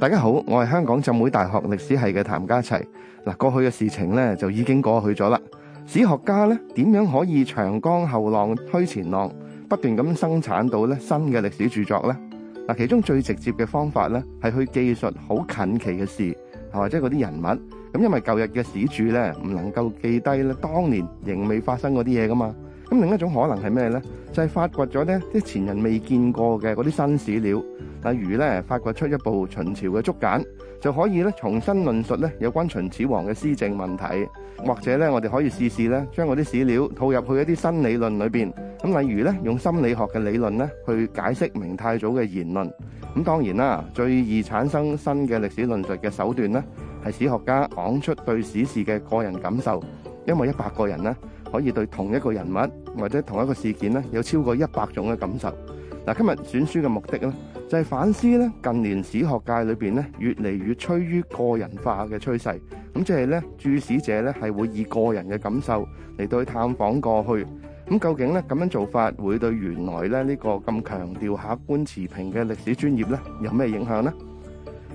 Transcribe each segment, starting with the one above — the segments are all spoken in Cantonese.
大家好，我係香港浸會大學歷史系嘅譚家齊。嗱，過去嘅事情咧就已經過去咗啦。史學家咧點樣可以長江後浪推前浪，不斷咁生產到咧新嘅歷史著作咧？嗱，其中最直接嘅方法咧係去記述好近期嘅事，或者嗰啲人物。咁因為舊日嘅史著咧唔能夠記低咧當年仍未發生嗰啲嘢噶嘛。咁另一種可能係咩呢？就係發掘咗呢啲前人未見過嘅嗰啲新史料，例如呢，發掘出一部秦朝嘅竹簡，就可以呢重新論述呢有關秦始皇嘅施政問題，或者呢，我哋可以試試呢將嗰啲史料套入去一啲新理論裏邊。咁例如呢，用心理學嘅理論呢去解釋明太祖嘅言論。咁當然啦，最易產生新嘅歷史論述嘅手段呢，係史學家講出對史事嘅個人感受，因為一百個人呢。可以對同一個人物或者同一個事件咧，有超過一百種嘅感受。嗱，今日選書嘅目的咧，就係反思咧近年史學界裏邊咧越嚟越趨於個人化嘅趨勢。咁即係咧，注史者咧係會以個人嘅感受嚟到去探訪過去。咁究竟咧咁樣做法會對原來咧呢個咁強調客觀持平嘅歷史專業咧有咩影響咧？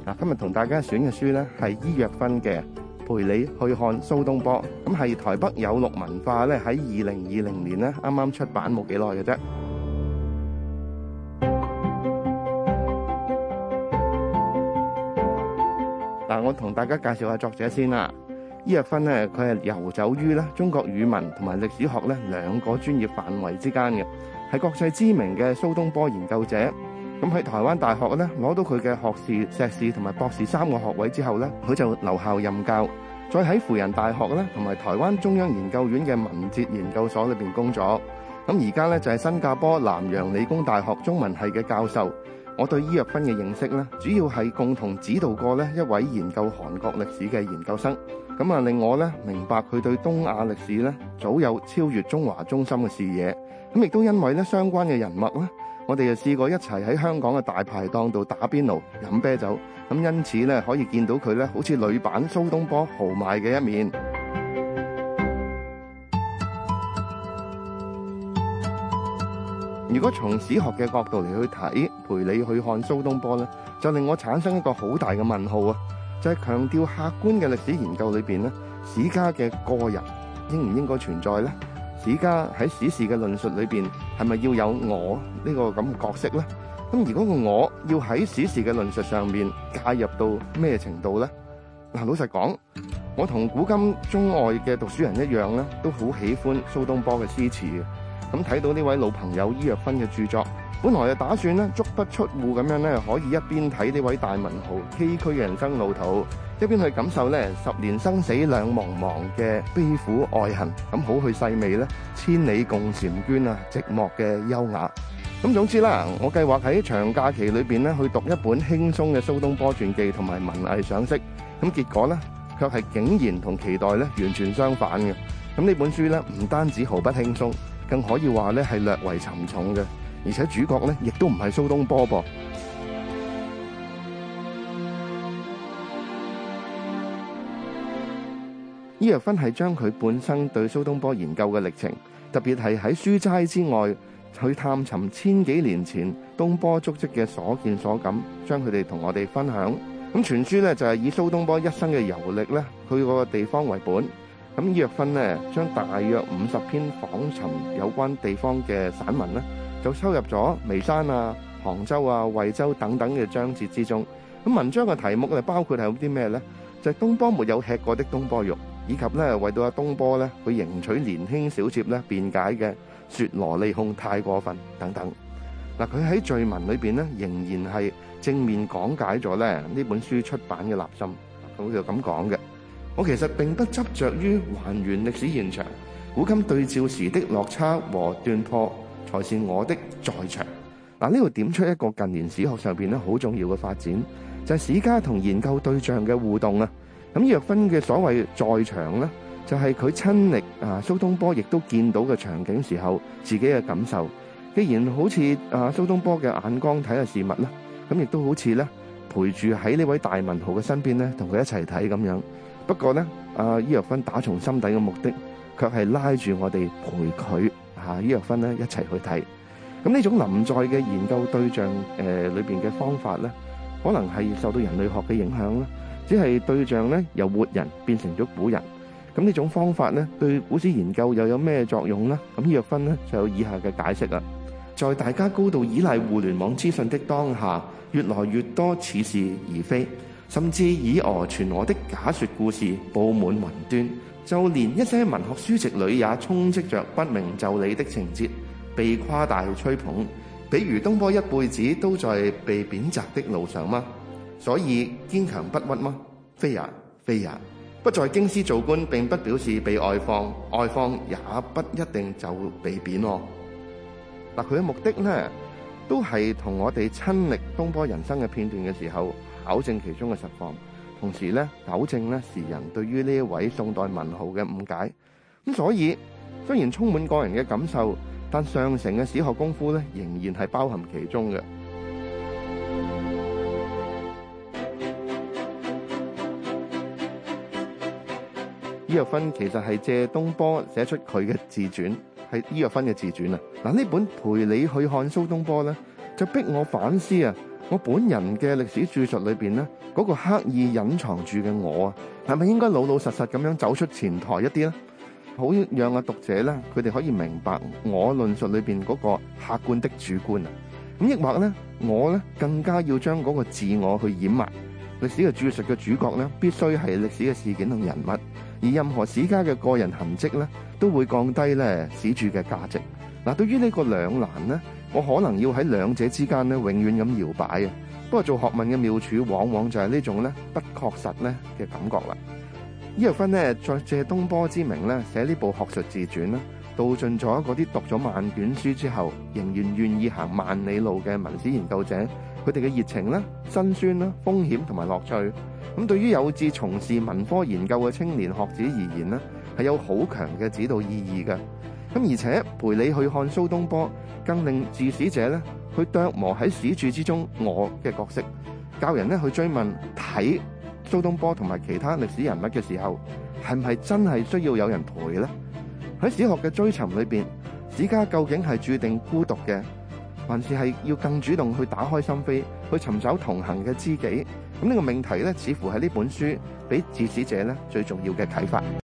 嗱，今日同大家選嘅書咧係衣若芬嘅。陪你去看蘇東坡，咁係台北有鹿文化咧喺二零二零年咧啱啱出版冇幾耐嘅啫。嗱， 我同大家介紹一下作者先啦。衣若芬咧，佢係遊走於咧中國語文同埋歷史學咧兩個專業範圍之間嘅，係國際知名嘅蘇東坡研究者。咁喺台灣大學咧，攞到佢嘅學士、碩士同埋博士三個學位之後咧，佢就留校任教，再喺輔仁大學咧，同埋台灣中央研究院嘅文哲研究所裏面工作。咁而家咧就係、是、新加坡南洋理工大學中文系嘅教授。我對衣若芬嘅認識咧，主要係共同指導過咧一位研究韓國歷史嘅研究生。咁啊令我咧明白佢對東亞歷史咧早有超越中華中心嘅視野。咁亦都因為咧相關嘅人物咧。我哋就試過一齊喺香港嘅大排檔度打邊爐飲啤酒，咁因此咧可以見到佢咧好似女版蘇東坡豪邁嘅一面。如果從史學嘅角度嚟去睇，陪你去看蘇東坡咧，就令我產生一個好大嘅問號啊！就係強調客觀嘅歷史研究裏邊咧，史家嘅個人應唔應該存在咧？而家喺史事嘅論述裏邊，係咪要有我呢個咁嘅角色咧？咁如果個我要喺史事嘅論述上面介入到咩程度咧？嗱，老實講，我同古今中外嘅讀書人一樣咧，都好喜歡蘇東坡嘅詩詞。咁睇到呢位老朋友衣若芬嘅著作，本來就打算咧足不出戶咁樣咧，可以一邊睇呢位大文豪崎嶇人生路途，一邊去感受咧十年生死兩茫茫嘅悲苦愛恨。咁好去細味咧千里共嬋娟啊，寂寞嘅優雅。咁總之啦，我計劃喺長假期裏邊咧去讀一本輕鬆嘅蘇東坡傳記同埋文藝賞析，咁結果咧，卻係竟然同期待咧完全相反嘅。咁呢本書咧，唔單止毫不輕鬆。更可以話咧係略為沉重嘅，而且主角咧亦都唔係蘇東坡噃。衣若芬係將佢本身對蘇東坡研究嘅歷程，特別係喺書齋之外去探尋千幾年前東坡足跡嘅所見所感，將佢哋同我哋分享。咁全書咧就係以蘇東坡一生嘅遊歷咧，去過嘅佢個地方為本。咁衣若芬咧，將大約五十篇訪尋有關地方嘅散文咧，就收入咗眉山啊、杭州啊、惠州等等嘅章節之中。咁文章嘅題目咧，包括係有啲咩咧？就係東坡沒有吃過的東坡肉，以及咧為到阿東坡咧去迎娶年輕小妾咧辯解嘅《雪蘿莉控》太過分等等。嗱，佢喺序文裏面咧，仍然係正面講解咗咧呢本書出版嘅立心，咁佢就咁講嘅。我其實並不執着於還原歷史現場，古今對照時的落差和斷破才是我的在場。嗱、啊，呢度點出一個近年史學上邊咧好重要嘅發展，就係、是、史家同研究對象嘅互動啊。咁若芬嘅所謂在場呢，就係、是、佢親歷啊蘇東坡亦都見到嘅場景時候，自己嘅感受。既然好似啊蘇東坡嘅眼光睇嘅事物啦，咁亦都好似咧陪住喺呢位大文豪嘅身邊咧，同佢一齊睇咁樣。不過呢，阿衣若芬打從心底嘅目的，卻係拉住我哋陪佢嚇衣若芬咧一齊去睇。咁呢種臨在嘅研究對象，誒裏面嘅方法呢，可能係受到人類學嘅影響啦。只係對象呢，由活人變成咗古人。咁呢種方法呢，對古史研究又有咩作用呢？咁衣若芬呢，就有以下嘅解釋啦。在大家高度依賴互聯網資訊的當下，越來越多似是而非。甚至以訛傳訛的假說故事布滿雲端，就連一些文學書籍裏也充斥着不明就理的情節，被誇大吹捧。比如東坡一輩子都在被貶謫的路上嗎？所以堅強不屈嗎？非也非也，不在京師做官，並不表示被外放，外放也不一定就被貶咯，啊。嗱，佢嘅目的呢，都係同我哋親歷東坡人生嘅片段嘅時候。糾正其中嘅實況，同時咧糾正咧時人對於呢一位宋代文豪嘅誤解。咁所以雖然充滿個人嘅感受，但上乘嘅史學功夫咧仍然係包含其中嘅。衣若芬其實係借東坡寫出佢嘅自傳，係衣若芬嘅自傳啊！嗱呢本《陪你去看蘇東坡》咧，就逼我反思啊！我本人嘅歷史著述裏邊咧，嗰個刻意隱藏住嘅我啊，係咪應該老老實實咁樣走出前台一啲咧？好讓阿讀者咧，佢哋可以明白我論述裏邊嗰個客觀的主觀啊。咁抑或咧，我咧更加要將嗰個自我去掩埋。歷史嘅著述嘅主角咧，必須係歷史嘅事件同人物，而任何史家嘅個人痕跡咧，都會降低咧史著嘅價值。嗱，對於呢個兩難咧。我可能要喺兩者之間咧，永遠咁搖擺啊！不過做學問嘅妙處，往往就係呢種咧不確實咧嘅感覺啦。衣若芬咧，再借東坡之名咧，寫呢部《學術自傳》啦，道盡咗嗰啲讀咗萬卷書之後，仍然願意行萬里路嘅文史研究者，佢哋嘅熱情啦、辛酸啦、風險同埋樂趣。咁對於有志從事文科研究嘅青年學子而言呢，係有好強嘅指導意義嘅。咁而且陪你去看蘇東坡，更令治史者咧去琢磨喺史著之中我嘅角色，教人咧去追問睇蘇東坡同埋其他歷史人物嘅時候，係唔係真係需要有人陪咧？喺史學嘅追尋裏邊，史家究竟係注定孤獨嘅，還是係要更主動去打開心扉，去尋找同行嘅知己？咁呢個命題咧，似乎係呢本書俾治史者咧最重要嘅啟發。